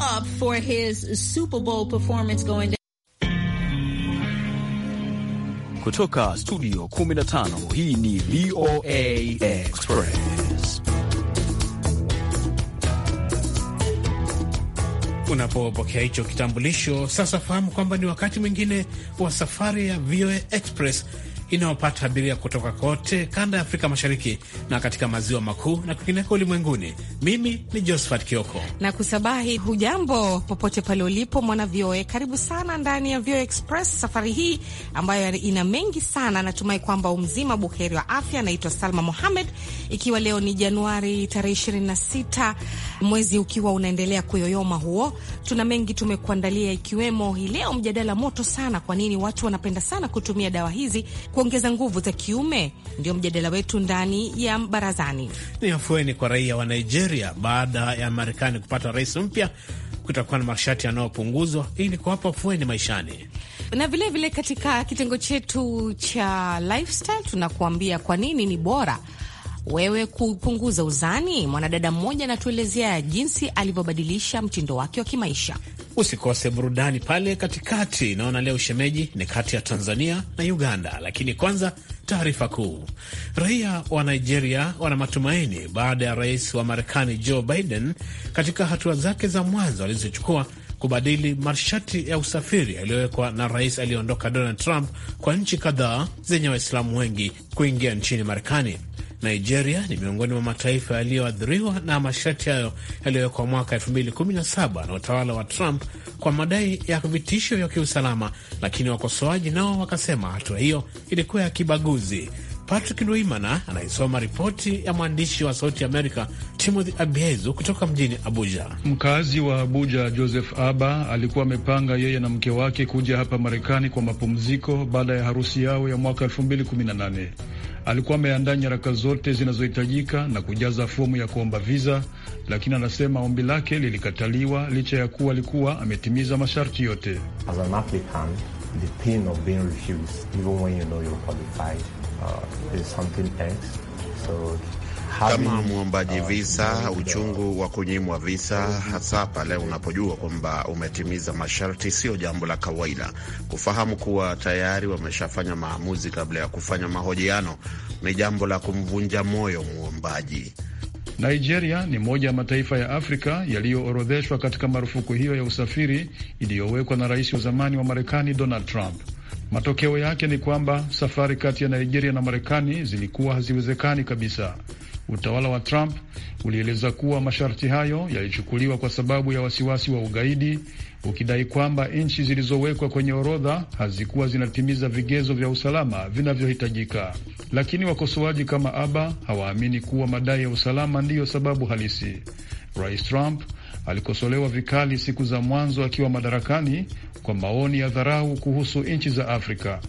up for his Super Bowl performance going down. Kutoka studio 15 hii ni VOA Express. Unapopokea hicho kitambulisho sasa, fahamu kwamba ni wakati mwingine wa safari ya VOA Express inayopata abiria kutoka kote kanda ya Afrika Mashariki na katika maziwa makuu na kwingineko ulimwenguni. Mimi ni Josephat Kioko na kusabahi. Hujambo popote pale ulipo mwana VOA, karibu sana ndani ya VOA Express safari hii ambayo ina mengi sana. Natumai kwamba umzima buheri wa afya. Naitwa Salma Mohamed, ikiwa leo ni Januari tarehe 26 mwezi ukiwa unaendelea kuyoyoma huo, tuna mengi tumekuandalia, ikiwemo hii leo mjadala moto sana, kwa nini watu wanapenda sana kutumia dawa hizi kuongeza nguvu za kiume? Ndio mjadala wetu ndani ya barazani. Ni afueni kwa raia wa Nigeria baada ya Marekani kupata rais mpya kutakuwa na masharti yanayopunguzwa ili kuwapa afueni maishani. Na vilevile vile katika kitengo chetu cha lifestyle tunakuambia kwa nini ni bora wewe kupunguza uzani. Mwanadada mmoja anatuelezea jinsi alivyobadilisha mtindo wake wa kimaisha. Usikose burudani pale katikati. Naona leo shemeji ni kati ya Tanzania na Uganda, lakini kwanza taarifa kuu. Raia wa Nigeria wana matumaini baada ya rais wa Marekani Joe Biden katika hatua zake za mwanzo alizochukua kubadili masharti ya usafiri yaliyowekwa na rais aliyeondoka Donald Trump kwa nchi kadhaa zenye Waislamu wengi kuingia nchini Marekani. Nigeria ni miongoni mwa mataifa yaliyoathiriwa na masharti hayo yaliyowekwa mwaka 2017 na utawala wa Trump kwa madai ya vitisho vya kiusalama, lakini wakosoaji nao wakasema hatua hiyo ilikuwa ya kibaguzi. Patrick Ndwimana anaisoma ripoti ya mwandishi wa Sauti Amerika Timothy Abiezu kutoka mjini Abuja. Mkazi wa Abuja Joseph Aba alikuwa amepanga yeye na mke wake kuja hapa Marekani kwa mapumziko baada ya harusi yao ya mwaka 2018. Alikuwa ameandaa nyaraka zote zinazohitajika na kujaza fomu ya kuomba viza, lakini anasema ombi lake lilikataliwa licha ya kuwa alikuwa ametimiza masharti yote. Uh, so kama ah, mwombaji visa, uchungu wa kunyimwa visa, hasa pale unapojua kwamba umetimiza masharti, sio jambo la kawaida. Kufahamu kuwa tayari wameshafanya maamuzi kabla ya kufanya mahojiano ni jambo la kumvunja moyo mwombaji. Nigeria ni moja ya mataifa ya Afrika yaliyoorodheshwa katika marufuku hiyo ya usafiri iliyowekwa na rais wa zamani wa Marekani Donald Trump. Matokeo yake ni kwamba safari kati ya Nigeria na Marekani zilikuwa haziwezekani kabisa. Utawala wa Trump ulieleza kuwa masharti hayo yalichukuliwa kwa sababu ya wasiwasi wa ugaidi, ukidai kwamba nchi zilizowekwa kwenye orodha hazikuwa zinatimiza vigezo vya usalama vinavyohitajika. Lakini wakosoaji kama Aba hawaamini kuwa madai ya usalama ndiyo sababu halisi. Rais Trump alikosolewa vikali siku za mwanzo akiwa madarakani kwa maoni ya dharau kuhusu nchi za Afrika.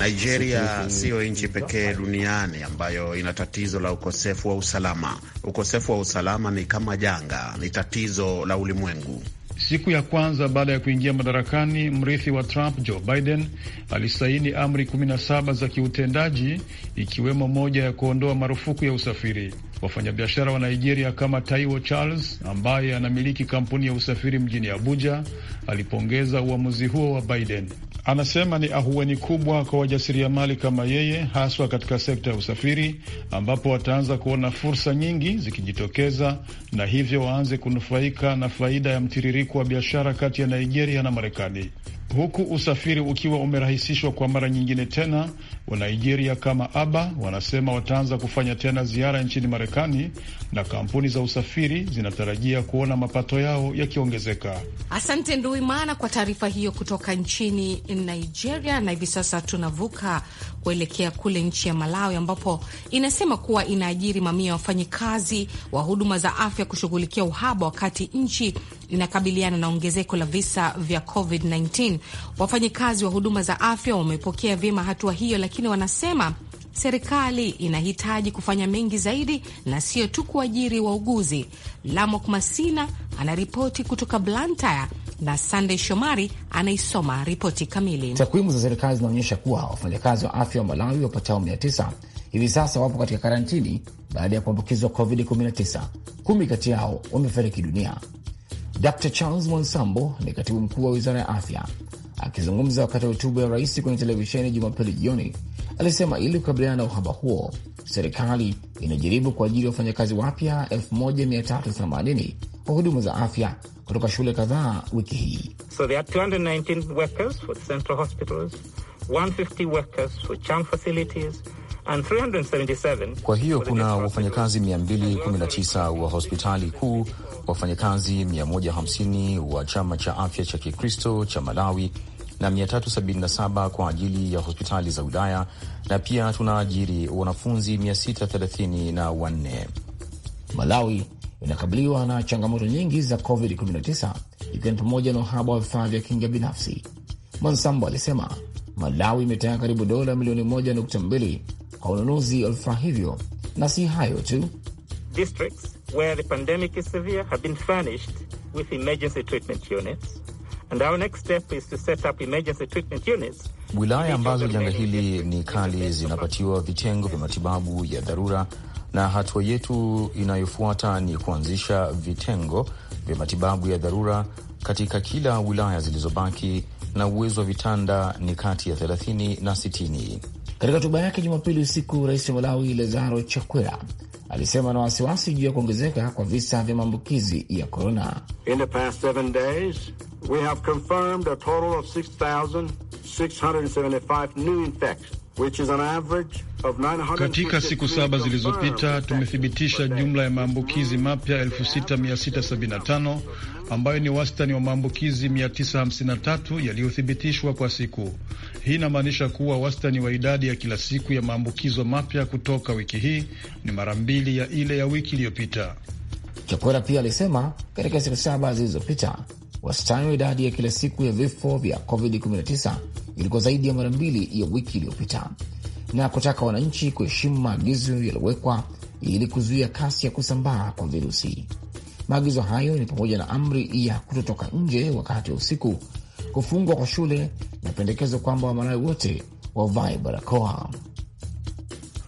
Nigeria siyo nchi pekee duniani ambayo ina tatizo la ukosefu wa usalama. Ukosefu wa usalama ni kama janga, ni tatizo la ulimwengu. Siku ya kwanza baada ya kuingia madarakani, mrithi wa Trump Joe Biden alisaini amri 17 za kiutendaji, ikiwemo moja ya kuondoa marufuku ya usafiri. Wafanyabiashara wa Nigeria kama Taiwo Charles ambaye anamiliki kampuni ya usafiri mjini Abuja alipongeza uamuzi huo wa Biden. Anasema ni ahueni kubwa kwa wajasiriamali kama yeye, haswa katika sekta ya usafiri, ambapo wataanza kuona fursa nyingi zikijitokeza na hivyo waanze kunufaika na faida ya mtiririko wa biashara kati ya Nigeria na Marekani. Huku usafiri ukiwa umerahisishwa kwa mara nyingine tena, wanigeria kama Aba wanasema wataanza kufanya tena ziara nchini Marekani na kampuni za usafiri zinatarajia kuona mapato yao yakiongezeka. Asante Nduimana kwa taarifa hiyo kutoka nchini Nigeria. Na hivi sasa tunavuka kuelekea kule nchi ya Malawi ambapo inasema kuwa inaajiri mamia ya wafanyikazi wa huduma za afya kushughulikia uhaba wakati nchi inakabiliana na ongezeko la visa vya COVID-19. Wafanyikazi wa huduma za afya wamepokea vyema hatua hiyo, lakini wanasema serikali inahitaji kufanya mengi zaidi na sio tu kuajiri wauguzi. Lamok Masina anaripoti kutoka Blantyre na Sandey Shomari anaisoma ripoti kamili. Takwimu za serikali zinaonyesha kuwa wafanyakazi wa afya wa Malawi wapatao 9 hivi sasa wapo katika karantini baada ya kuambukizwa COVID-19. Kumi kati yao wamefariki dunia. Dr Charles Monsambo ni katibu mkuu wa wizara ya afya. Akizungumza wakati wa hotuba ya rais kwenye televisheni Jumapili jioni, alisema ili kukabiliana na uhaba huo, serikali inajaribu kuajiri wafanyakazi wapya 1380 wa huduma za afya kutoka shule kadhaa wiki hii. So there are 219 workers for the central hospitals, 150 workers for CHAM facilities and 377. Kwa hiyo kuna wafanyakazi 219 wa hospitali kuu, wafanyakazi 150 wa chama cha afya cha Kikristo cha Malawi na 377 kwa ajili ya hospitali za wilaya na pia tunaajiri wanafunzi 634. Malawi inakabiliwa na changamoto nyingi za COVID-19 ikiwa ni pamoja na uhaba wa vifaa vya kinga binafsi. Mwansambo alisema Malawi imetenga karibu dola milioni 1.2 kwa ununuzi wa vifaa hivyo, na si hayo tu Wilaya ambazo janga hili ni kali zinapatiwa vitengo vya matibabu ya dharura na hatua yetu inayofuata ni kuanzisha vitengo vya matibabu ya dharura katika kila wilaya zilizobaki na uwezo wa vitanda ni kati ya 30 na 60. Katika hotuba yake Jumapili usiku, rais wa Malawi Lazaro Chakwera alisema na wasiwasi juu ya kuongezeka kwa visa vya maambukizi ya korona. Katika siku saba zilizopita tumethibitisha jumla ya maambukizi mapya 6675 ambayo ni wastani wa maambukizi 953 yaliyothibitishwa kwa siku. Hii inamaanisha kuwa wastani wa idadi ya kila siku ya maambukizo mapya kutoka wiki hii ni mara mbili ya ile ya wiki iliyopita. Chakwera pia alisema katika siku saba zilizopita Wastani wa idadi ya kila siku ya vifo vya COVID-19 ilikuwa zaidi ya mara mbili ya wiki iliyopita, na kutaka wananchi kuheshimu maagizo yaliyowekwa ili kuzuia kasi ya kusambaa kwa virusi. Maagizo hayo ni pamoja na amri ya kutotoka nje wakati wa usiku, kufungwa kwa shule na pendekezo kwamba Wamalawi wote wavae barakoa.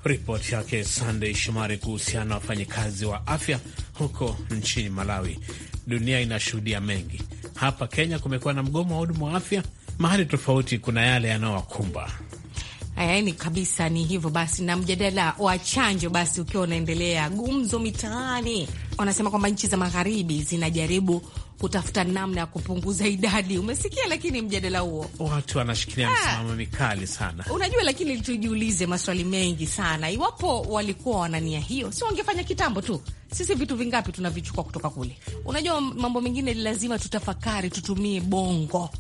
Ripoti yake Sandey Shomari kuhusiana na wafanyikazi wa afya huko nchini Malawi. Dunia inashuhudia mengi hapa Kenya kumekuwa na mgomo wa huduma wa afya mahali tofauti, kuna yale yanayowakumba Yani kabisa ni hivyo basi. Na mjadala wa chanjo basi ukiwa unaendelea, gumzo mitaani, wanasema kwamba nchi za magharibi zinajaribu kutafuta namna ya kupunguza idadi. Umesikia lakini mjadala huo, watu wanashikilia ah, msimamo mikali sana. Unajua, lakini tujiulize maswali mengi sana. Iwapo walikuwa wanania hiyo, si wangefanya kitambo tu? Sisi vitu vingapi tunavichukua kutoka kule? Unajua, mambo mengine lazima tutafakari, tutumie bongo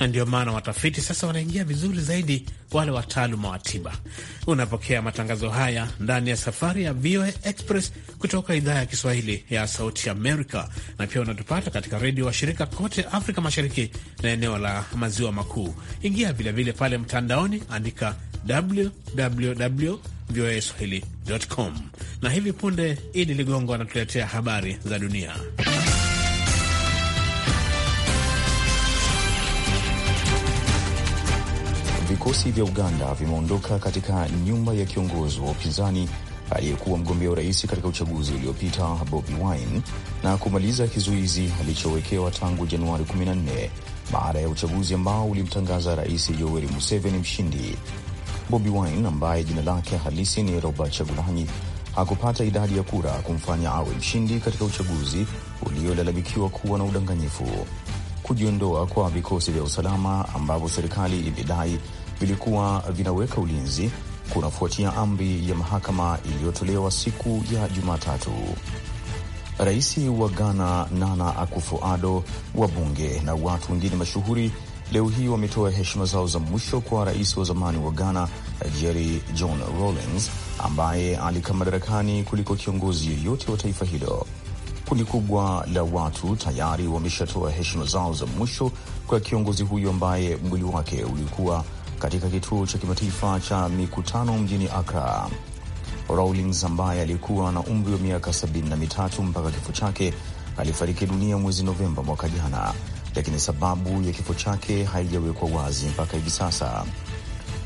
na ndio maana watafiti sasa wanaingia vizuri zaidi, wale wataaluma wa tiba. Unapokea matangazo haya ndani ya safari ya VOA Express kutoka idhaa ya Kiswahili ya Sauti Amerika, na pia unatupata katika redio wa shirika kote Afrika Mashariki na eneo la Maziwa Makuu. Ingia vilevile pale mtandaoni, andika www voa swahili com, na hivi punde Idi Ligongo anatuletea habari za dunia. Vikosi vya Uganda vimeondoka katika nyumba ya kiongozi wa upinzani aliyekuwa mgombea urais katika uchaguzi uliopita Bobi Wine na kumaliza kizuizi alichowekewa tangu Januari 14 baada ya uchaguzi ambao ulimtangaza Rais Yoweri Museveni mshindi. Bobi Wine ambaye jina lake halisi ni Robert Chagulanyi hakupata idadi ya kura kumfanya awe mshindi katika uchaguzi uliolalamikiwa kuwa na udanganyifu. Kujiondoa kwa vikosi vya usalama ambavyo serikali imedai vilikuwa vinaweka ulinzi kunafuatia amri ya mahakama iliyotolewa siku ya Jumatatu. Rais wa Ghana Nana Akufo-Addo, wabunge na watu wengine mashuhuri leo hii wametoa heshima zao za mwisho kwa rais wa zamani wa Ghana Jerry John Rawlings ambaye alikaa madarakani kuliko kiongozi yeyote wa taifa hilo. Kundi kubwa la watu tayari wameshatoa heshima zao za mwisho kwa kiongozi huyo ambaye mwili wake ulikuwa katika kituo cha kimataifa cha mikutano mjini Accra. Rawlings ambaye alikuwa na umri wa miaka sabini na mitatu mpaka kifo chake alifariki dunia mwezi Novemba mwaka jana, lakini sababu ya kifo chake haijawekwa wazi mpaka hivi sasa.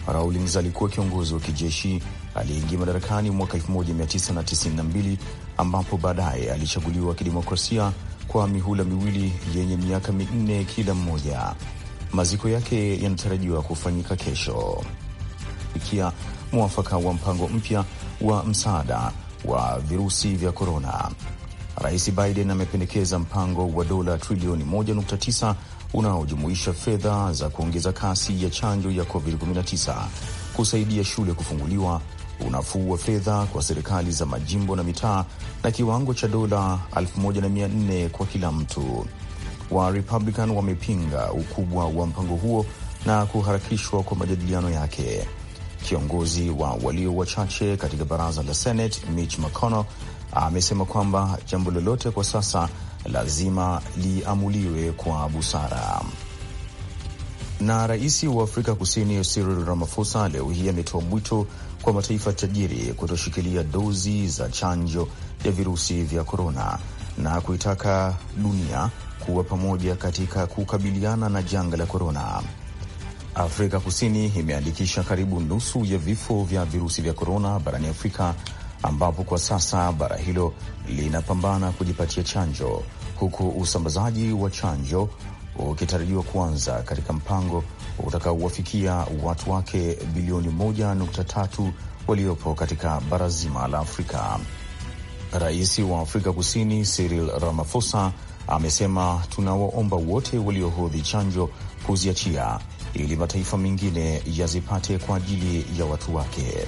Rawlings alikuwa kiongozi wa kijeshi aliyeingia madarakani mwaka 1992 ambapo baadaye alichaguliwa kidemokrasia kwa mihula miwili yenye miaka minne kila mmoja. Maziko yake yanatarajiwa kufanyika kesho, ikia mwafaka wa mpango mpya wa msaada wa virusi vya korona. Rais Biden amependekeza mpango wa dola trilioni 1.9 unaojumuisha fedha za kuongeza kasi ya chanjo ya COVID-19, kusaidia shule kufunguliwa, unafuu wa fedha kwa serikali za majimbo na mitaa, na kiwango cha dola 1400 kwa kila mtu wa Republican wamepinga ukubwa wa mpango huo na kuharakishwa kwa majadiliano yake. Kiongozi wa walio wachache katika baraza la Senate Mitch McConnell amesema kwamba jambo lolote kwa sasa lazima liamuliwe kwa busara. Na rais wa Afrika Kusini Cyril Ramaphosa leo hii ametoa mwito kwa mataifa tajiri kutoshikilia dozi za chanjo ya virusi vya korona na kuitaka dunia kuwa pamoja katika kukabiliana na janga la korona. Afrika Kusini imeandikisha karibu nusu ya vifo vya virusi vya korona barani Afrika, ambapo kwa sasa bara hilo linapambana kujipatia chanjo, huku usambazaji wa chanjo ukitarajiwa kuanza katika mpango utakaowafikia watu wake bilioni 1.3 waliopo katika bara zima la Afrika. Rais wa Afrika Kusini Cyril Ramaphosa amesema tunawaomba wote waliohodhi chanjo kuziachia ili mataifa mengine yazipate kwa ajili ya watu wake.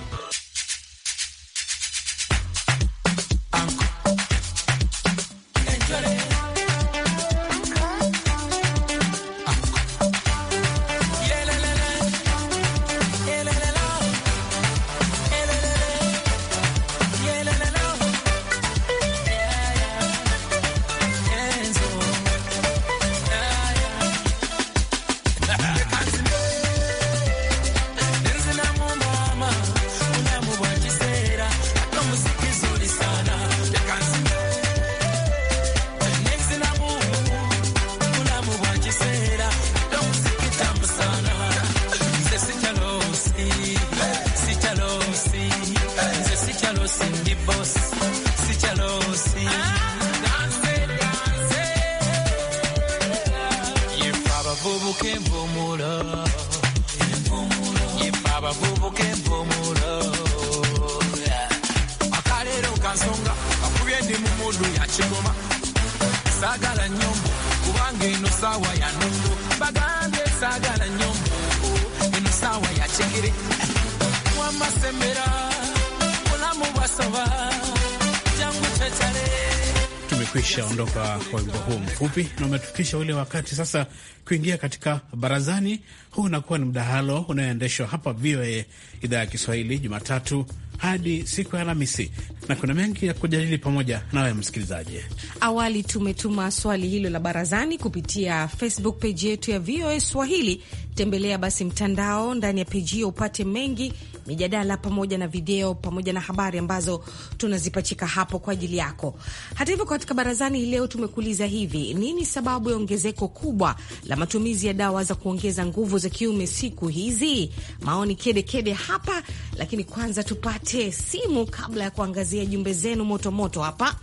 kufikisha ule wakati sasa kuingia katika barazani. Huu unakuwa ni mdahalo unaoendeshwa hapa VOA idhaa ya Kiswahili Jumatatu hadi siku ya Alhamisi na kuna mengi ya kujadili pamoja nawe msikilizaji. Awali tumetuma swali hilo la barazani kupitia Facebook peji yetu ya VOA Swahili. Tembelea basi mtandao ndani ya peji hiyo upate mengi, mijadala pamoja na video pamoja na habari ambazo tunazipachika hapo kwa ajili yako. Hata hivyo, katika barazani hii leo tumekuuliza hivi: nini sababu ya ongezeko kubwa la matumizi ya dawa za kuongeza nguvu za kiume siku hizi? Maoni kedekede kede hapa, lakini kwanza tupate tupate simu kabla ya kuangazia jumbe zenu motomoto hapa.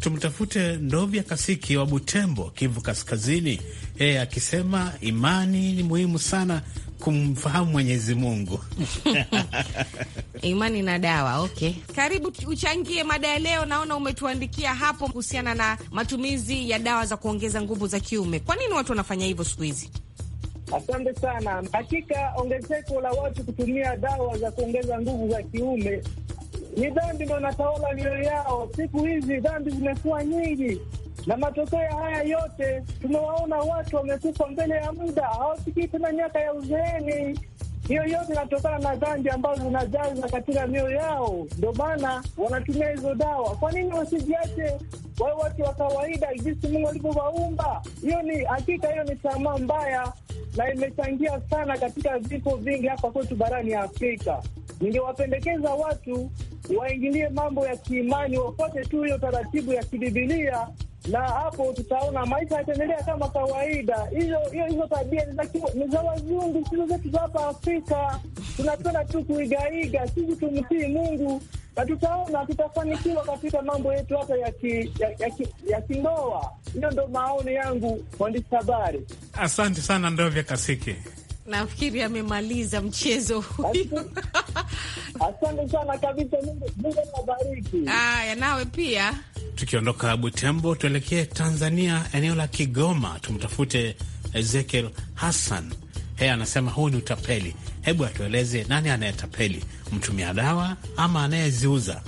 Tumtafute Ndovya Kasiki wa Butembo, Kivu Kaskazini. Yeye akisema imani ni muhimu sana kumfahamu Mwenyezi Mungu. Imani na dawa. Okay, karibu uchangie mada ya leo. Naona umetuandikia hapo kuhusiana na matumizi ya dawa za kuongeza nguvu za kiume. Kwa nini watu wanafanya hivyo siku hizi? Asante sana. Hakika ongezeko la watu kutumia dawa za kuongeza nguvu za kiume ni dhambi, ndo natawala mioyo yao. Siku hizi dhambi zimekuwa nyingi, na matokeo ya haya yote tumewaona, watu wamekufa mbele ya muda, hawafikii tena miaka ya uzeeni. Hiyo yote inatokana na dhambi ambazo zinajaza katika mioyo yao, ndio maana wanatumia hizo dawa. Kwa nini wasijiache wawe watu wa kawaida jinsi Mungu alivyowaumba? Hiyo ni hakika, hiyo ni tamaa mbaya na imechangia sana katika vifo vingi hapa kwetu barani ya Afrika. Ningewapendekeza watu waingilie mambo ya kiimani, wafuate tu hiyo taratibu ya kibibilia na hapo tutaona maisha yataendelea kama kawaida. Hizo hizo tabia ni za wazungu, sizo zetu za hapa Afrika. Tunapenda tu kuigaiga. Sisi tumtii Mungu na tutaona tutafanikiwa katika mambo yetu hata ya kindoa ya, ya hiyo ndo maoni yangu, mwandishi habari. Asante sana Ndovya Kasiki. Nafikiri amemaliza mchezo huyu. Asante sana kabisa, Mungu abariki. Aya, nawe pia Tukiondoka Butembo, tuelekee Tanzania, eneo la Kigoma, tumtafute Ezekiel Hassan. Yeye anasema huu ni utapeli. Hebu atueleze nani anayetapeli, mtumia dawa ama anayeziuza?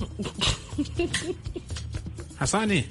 Hasani,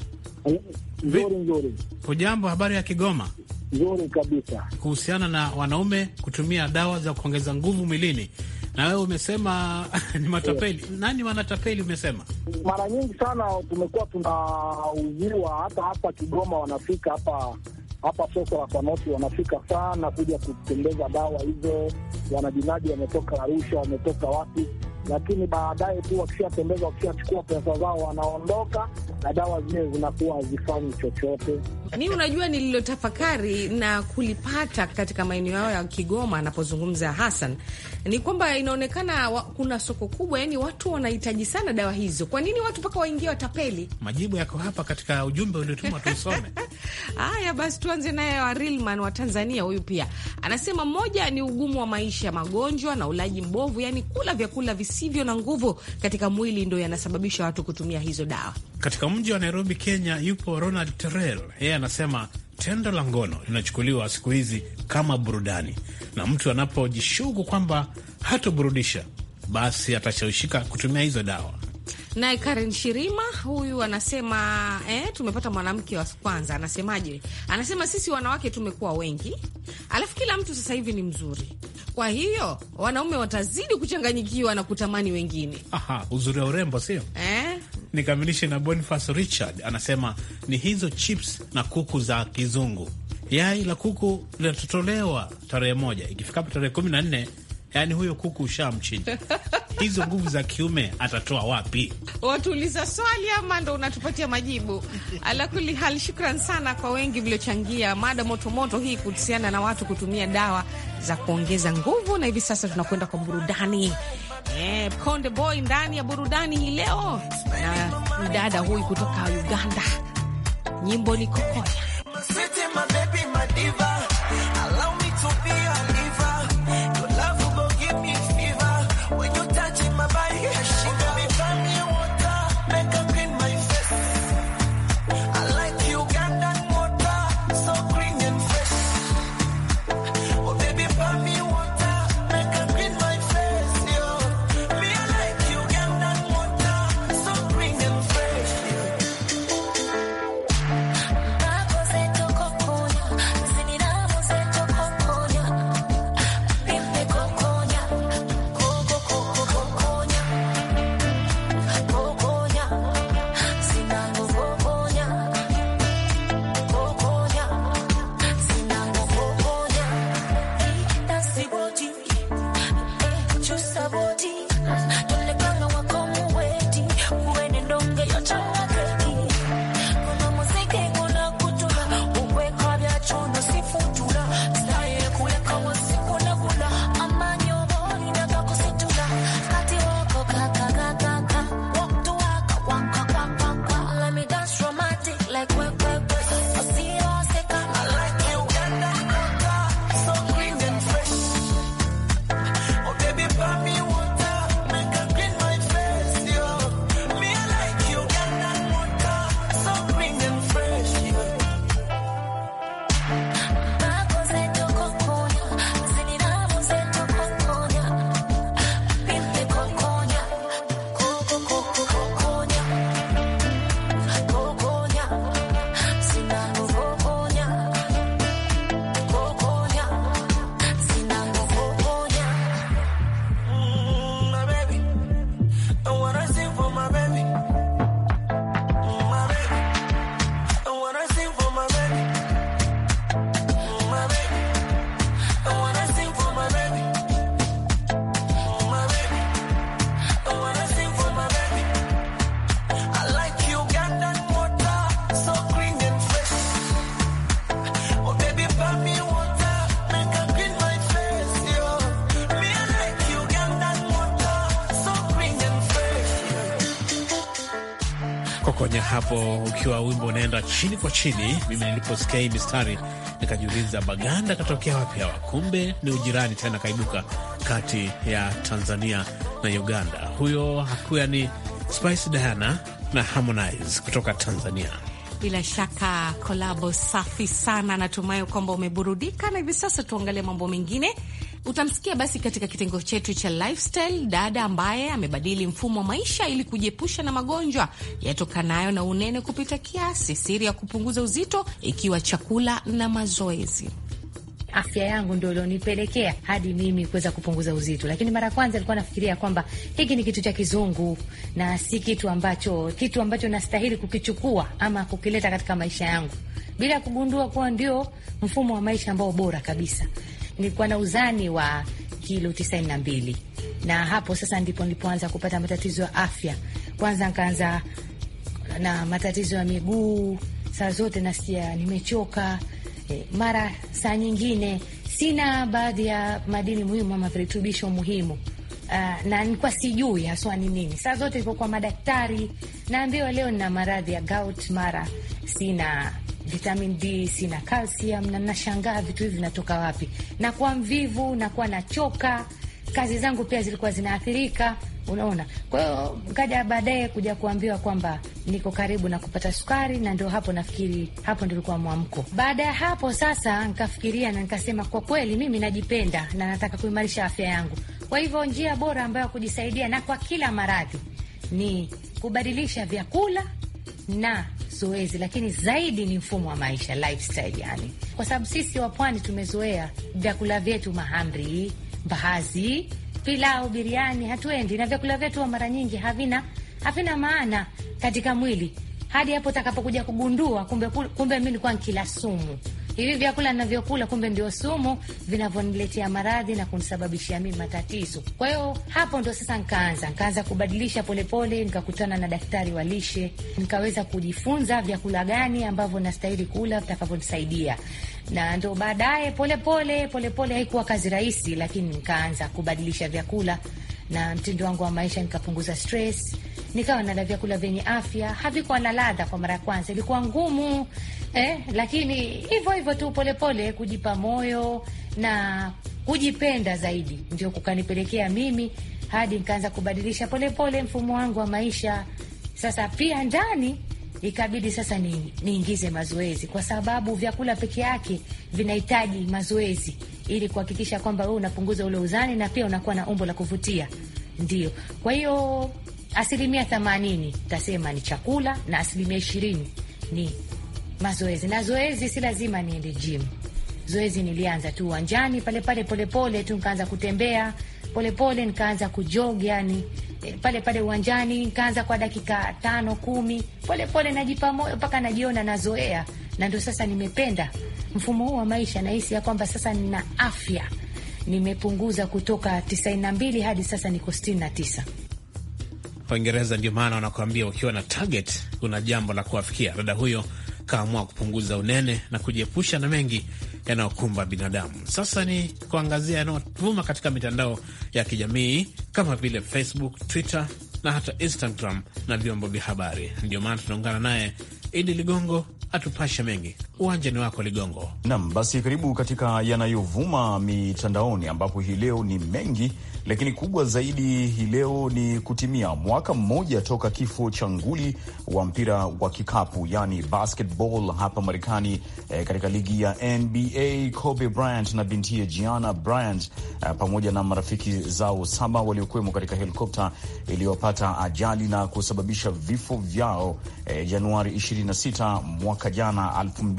hujambo? Habari ya Kigoma? Nzuri kabisa. Kuhusiana na wanaume kutumia dawa za kuongeza nguvu mwilini na wewe umesema ni matapeli yeah. Nani wanatapeli? Umesema mara nyingi sana tumekuwa tunauziwa, hata hapa Kigoma wanafika hapa hapa soko la Kwanoti wanafika sana kuja kutembeza dawa hizo, wanajinaji wametoka Arusha, wametoka wapi lakini baadaye tu wakishatembeza, wakishachukua pesa zao wanaondoka, na dawa zile zinakuwa hazifanyi chochote. Mi unajua, nililotafakari na kulipata katika maeneo yao ya Kigoma anapozungumza Hassan ni kwamba inaonekana wa, kuna soko kubwa, yani watu wanahitaji sana dawa hizo. Kwa nini watu mpaka waingie watapeli? Majibu yako hapa katika ujumbe uliotumwa, tuusome Haya basi, tuanze naye Warilman wa Tanzania. Huyu pia anasema moja ni ugumu wa maisha, magonjwa na ulaji mbovu, yaani kula vyakula visivyo na nguvu katika mwili ndo yanasababisha watu kutumia hizo dawa. Katika mji wa Nairobi, Kenya, yupo Ronald Terrell, yeye anasema tendo la ngono linachukuliwa siku hizi kama burudani, na mtu anapojishuku kwamba hatoburudisha, basi atashawishika kutumia hizo dawa. Naye Karen Shirima huyu anasema eh, tumepata mwanamke wa kwanza. Anasemaje? Anasema sisi wanawake tumekuwa wengi, alafu kila mtu sasa hivi ni mzuri, kwa hiyo wanaume watazidi kuchanganyikiwa na kutamani wengine. Aha, uzuri wa urembo sio eh? Nikamilishe na Boniface Richard anasema ni hizo chips na kuku za kizungu. Yai la kuku linatotolewa tarehe moja, ikifikapo tarehe kumi na nne yani huyo kuku ushamchinja hizo nguvu za kiume atatoa wapi? Watuuliza swali ama ndo unatupatia majibu? Alakuli hali, shukran sana kwa wengi mliochangia mada motomoto hii kuhusiana na watu kutumia dawa za kuongeza nguvu, na hivi sasa tunakwenda kwa burudani. Eh, Konde Boy ndani ya burudani hii leo na mdada huyu kutoka Uganda, nyimbo ni Kokoya. hapo ukiwa wimbo unaenda chini kwa chini. Mimi niliposikia hii mistari nikajiuliza, Baganda katokea wapi hawa? Kumbe ni ujirani tena kaibuka kati ya Tanzania na Uganda. Huyo hakuya ni Spice Diana na Harmonize kutoka Tanzania. Bila shaka kolabo safi sana, natumai kwamba umeburudika, na hivi sasa tuangalie mambo mengine Utamsikia basi katika kitengo chetu cha lifestyle dada ambaye amebadili mfumo wa maisha ili kujiepusha na magonjwa yatokanayo na unene kupita kiasi, siri ya kupunguza uzito ikiwa chakula na mazoezi. Afya yangu ndio ilionipelekea hadi mimi kuweza kupunguza uzito, lakini mara kwanza nilikuwa nafikiria kwamba hiki ni kitu cha kizungu na si kitu ambacho kitu ambacho nastahili kukichukua ama kukileta katika maisha yangu, bila kugundua kuwa ndio mfumo wa maisha ambao bora kabisa nilikuwa na uzani wa kilo tisaini na mbili na hapo sasa ndipo nilipoanza kupata matatizo ya afya. Kwanza nikaanza na matatizo ya miguu, saa zote nasikia nimechoka. E, mara saa nyingine sina baadhi ya madini muhimu ama virutubisho muhimu. Uh, na nilikuwa sijui haswa ni nini. Saa zote nilipokuwa madaktari naambiwa leo nina maradhi ya gout, mara sina vitamin D, sina calcium, na nashangaa vitu hivi vinatoka wapi? Nakuwa mvivu, nakuwa nachoka, kazi zangu pia zilikuwa zinaathirika. Unaona, kwa hiyo kaja baadaye kuja kuambiwa kwamba niko karibu na kupata sukari, na ndio hapo nafikiri hapo ndio ilikuwa mwamko. Baada ya hapo sasa, nikafikiria na nikasema, kwa kweli mimi najipenda na nataka kuimarisha afya yangu. Kwa hivyo njia bora ambayo ya kujisaidia na kwa kila maradhi ni kubadilisha vyakula na zoezi, lakini zaidi ni mfumo wa maisha lifestyle, yani kwa sababu sisi wa pwani tumezoea vyakula vyetu mahamri, mbaazi, pilau, biriani, hatuendi na vyakula vyetu mara nyingi havina havina maana katika mwili, hadi hapo utakapokuja kugundua kumbe, kumbe mimi nilikuwa nkila sumu hivi vyakula navyokula kumbe ndio sumu vinavyoniletea maradhi na kunisababishia mimi matatizo. Kwa hiyo hapo ndo sasa nkaanza nkaanza kubadilisha polepole, nikakutana na daktari wa lishe, nikaweza kujifunza vyakula gani ambavyo nastahili kula vitakavyonisaidia na ndo baadaye polepole polepole, haikuwa kazi rahisi, lakini nikaanza kubadilisha vyakula na mtindo wangu wa maisha, nikapunguza stress, nikawa nala vyakula vyenye afya. Havikuwa na ladha kwa mara ya kwanza, ilikuwa ngumu eh, lakini hivyo hivyo tu polepole, kujipa moyo na kujipenda zaidi, ndio kukanipelekea mimi hadi nikaanza kubadilisha polepole mfumo wangu wa maisha. Sasa pia ndani ikabidi sasa ni, niingize mazoezi kwa sababu vyakula peke yake vinahitaji mazoezi ili kuhakikisha kwamba wewe unapunguza ule uzani na pia unakuwa na umbo la kuvutia. Ndio, kwa hiyo asilimia themanini tasema ni chakula na asilimia ishirini ni mazoezi, na zoezi si lazima niende gym. Zoezi nilianza tu uwanjani pale pale, polepole tu nikaanza kutembea polepole, nikaanza kujog yani Eh, pale pale uwanjani, nikaanza kwa dakika tano kumi, polepole najipa moyo mpaka najiona nazoea, na ndo sasa nimependa mfumo huu wa maisha. Nahisi ya kwamba sasa nina afya, nimepunguza kutoka tisaini na mbili hadi sasa niko sitini na tisa. Waingereza ndio maana wanakuambia ukiwa na target kuna jambo la kuafikia. Dada huyo kaamua kupunguza unene na kujiepusha na mengi yanayokumba binadamu. Sasa ni kuangazia yanayovuma katika mitandao ya kijamii kama vile Facebook, Twitter na hata Instagram na vyombo vya habari. Ndio maana tunaungana naye Idi Ligongo atupashe mengi. Uwanja ni wako Ligongo. Naam, basi karibu katika yanayovuma mitandaoni, ambapo hii leo ni mengi, lakini kubwa zaidi hii leo ni kutimia mwaka mmoja toka kifo cha nguli wa mpira wa kikapu, yani basketball hapa Marekani. eh, katika ligi ya NBA Kobe Bryant na bintiye Gianna Bryant eh, pamoja na marafiki zao saba waliokuwemo katika helikopta iliyopata ajali na kusababisha vifo vyao eh, Januari 26 mwaka jana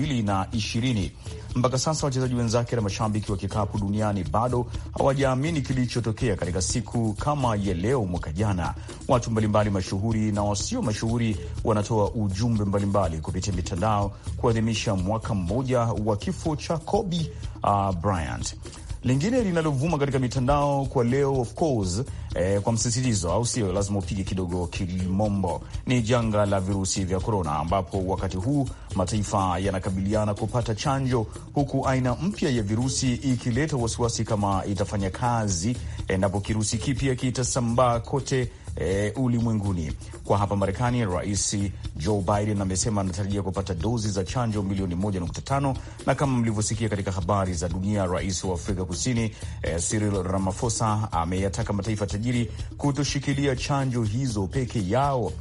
mbili na ishirini. Mpaka sasa wachezaji wenzake na mashabiki wa kikapu duniani bado hawajaamini kilichotokea katika siku kama ya leo mwaka jana. Watu mbalimbali mashuhuri na wasio mashuhuri wanatoa ujumbe mbalimbali kupitia mitandao kuadhimisha mwaka mmoja wa kifo cha Kobe uh, Bryant. Lingine linalovuma katika mitandao kwa leo of course, eh, kwa msisitizo au sio, lazima upige kidogo kimombo, ni janga la virusi vya korona, ambapo wakati huu mataifa yanakabiliana kupata chanjo, huku aina mpya ya virusi ikileta wasiwasi kama itafanya kazi endapo eh, kirusi kipya kitasambaa kote e, ulimwenguni. Kwa hapa Marekani, Rais Joe Biden amesema anatarajia kupata dozi za chanjo milioni 1.5 na kama mlivyosikia katika habari za dunia, rais wa Afrika Kusini e, Cyril Ramaphosa ameyataka mataifa tajiri kutoshikilia chanjo hizo peke yao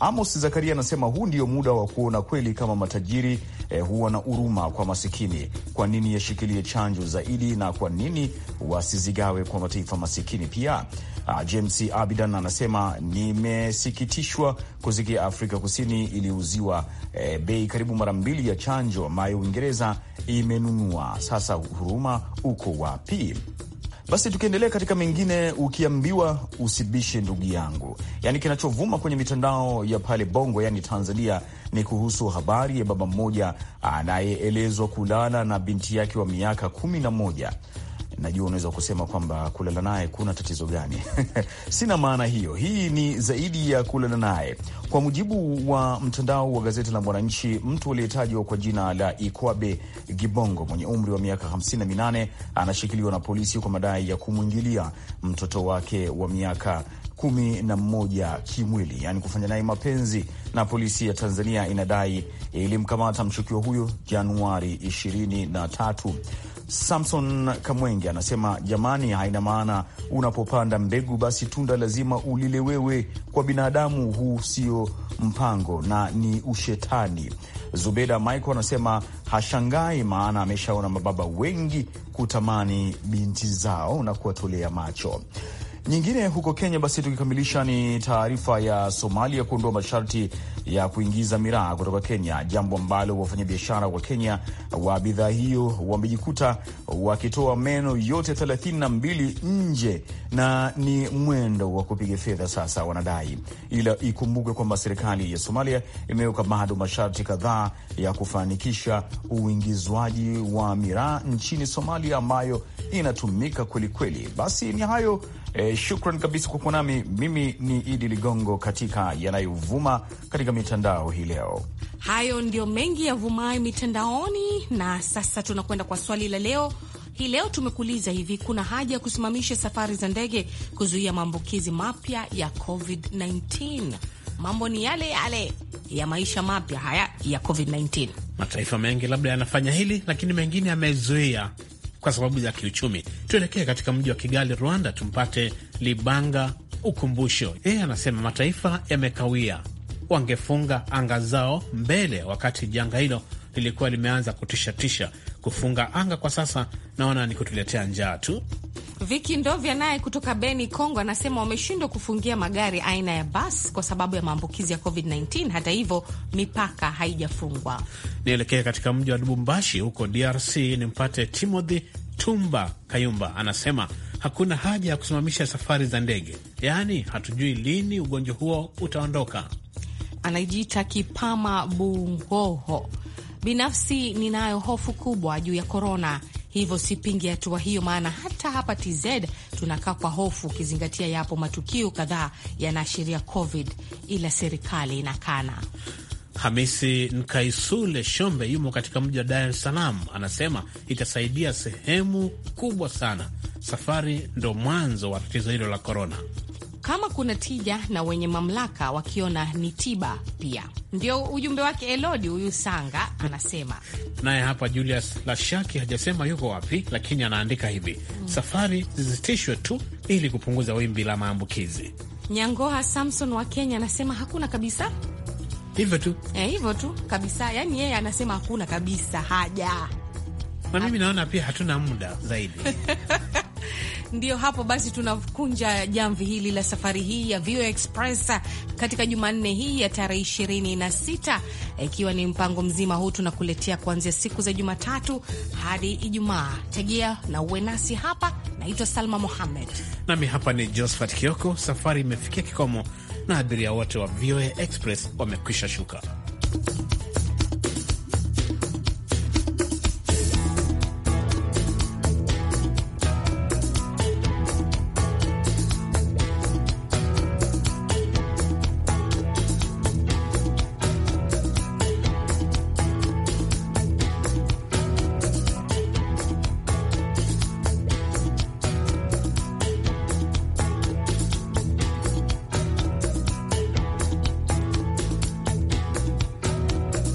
Amos Zakaria anasema huu ndio muda wa kuona kweli kama matajiri eh, huwa na huruma kwa masikini. Kwa nini yashikilie chanjo zaidi na kwa nini wasizigawe kwa mataifa masikini pia? Uh, James Abidan anasema nimesikitishwa kusikia Afrika Kusini iliuziwa eh, bei karibu mara mbili ya chanjo ambayo Uingereza imenunua. Sasa huruma uko wapi? Basi tukiendelea katika mengine, ukiambiwa usibishe ndugu yangu, yaani kinachovuma kwenye mitandao ya pale Bongo, yaani Tanzania, ni kuhusu habari ya baba mmoja anayeelezwa kulala na binti yake wa miaka kumi na moja najua unaweza kusema kwamba kulala naye kuna tatizo gani? Sina maana hiyo. Hii ni zaidi ya kulala naye. Kwa mujibu wa mtandao wa gazeti la Mwananchi, mtu aliyetajwa kwa jina la Ikwabe Gibongo mwenye umri wa miaka 58 anashikiliwa na polisi kwa madai ya kumwingilia mtoto wake wa miaka kumi na mmoja kimwili, yani kufanya naye mapenzi, na polisi ya Tanzania inadai ilimkamata mshukiwa huyo Januari ishirini na tatu. Samson Kamwenge anasema jamani, haina maana unapopanda mbegu basi tunda lazima ulile wewe. Kwa binadamu huu sio mpango na ni ushetani. Zubeda Michael anasema hashangai, maana ameshaona mababa wengi kutamani binti zao na kuwatolea macho nyingine huko Kenya. Basi tukikamilisha ni taarifa ya Somalia kuondoa masharti ya kuingiza miraa kutoka Kenya, jambo ambalo wafanyabiashara wa Kenya wa bidhaa hiyo wamejikuta wakitoa meno yote thelathini na mbili nje, na ni mwendo wa kupiga fedha sasa wanadai. Ila ikumbukwe kwamba serikali ya Somalia imeweka bado masharti kadhaa ya kufanikisha uingizwaji wa miraa nchini Somalia ambayo inatumika kwelikweli. Basi ni hayo E, shukran kabisa kwa kuwa nami. Mimi ni Idi Ligongo katika yanayovuma katika mitandao hii leo. Hayo ndio mengi yavumayo mitandaoni, na sasa tunakwenda kwa swali la leo. Hii leo tumekuuliza hivi, kuna haja ya kusimamisha safari za ndege kuzuia maambukizi mapya ya COVID-19? Mambo ni yale yale ya maisha mapya haya ya COVID-19. Mataifa mengi labda yanafanya hili, lakini mengine yamezuia kwa sababu za kiuchumi. Tuelekee katika mji wa Kigali, Rwanda, tumpate Libanga Ukumbusho. Yeye anasema mataifa yamekawia, wangefunga anga zao mbele wakati janga hilo lilikuwa limeanza kutishatisha. Kufunga anga kwa sasa naona ni kutuletea njaa tu. Viki Ndovya naye kutoka Beni, Kongo, anasema wameshindwa kufungia magari aina ya bas kwa sababu ya maambukizi ya COVID-19. Hata hivyo mipaka haijafungwa. Nielekee katika mji wa Lubumbashi huko DRC nimpate Timothy Tumba Kayumba, anasema hakuna haja ya kusimamisha safari za ndege, yaani hatujui lini ugonjwa huo utaondoka. Anajiita Kipama Bungoho. Binafsi ninayo hofu kubwa juu ya korona Hivyo sipingi hatua hiyo, maana hata hapa TZ tunakaa kwa hofu, ukizingatia yapo matukio kadhaa yanaashiria COVID, ila serikali inakana. Hamisi Nkaisule Shombe yumo katika mji wa Dar es Salaam, anasema itasaidia sehemu kubwa sana. Safari ndo mwanzo wa tatizo hilo la korona kama kuna tija na wenye mamlaka wakiona ni tiba pia. Ndio ujumbe wake Elodi huyu Sanga anasema. Naye hapa Julius Lashaki hajasema yuko wapi, lakini anaandika hivi mm, safari zisitishwe tu ili kupunguza wimbi la maambukizi. Nyangoha Samson wa Kenya anasema hakuna kabisa hivyo tu eh, hivyo tu kabisa, yaani yeye anasema hakuna kabisa haja, na mimi naona pia hatuna muda zaidi ndio hapo basi, tunakunja jamvi hili la safari hii ya VOA Express katika Jumanne hii ya tarehe sita ikiwa ni mpango mzima huu tunakuletea kuanzia siku za Jumatatu hadi Ijumaa. Tegea na uwe nasi hapa. Naitwa Salma Mohamed nami hapa ni Josephat Kioko. Safari imefikia kikomo na abiria wote wa VOA Express wamekwisha shuka.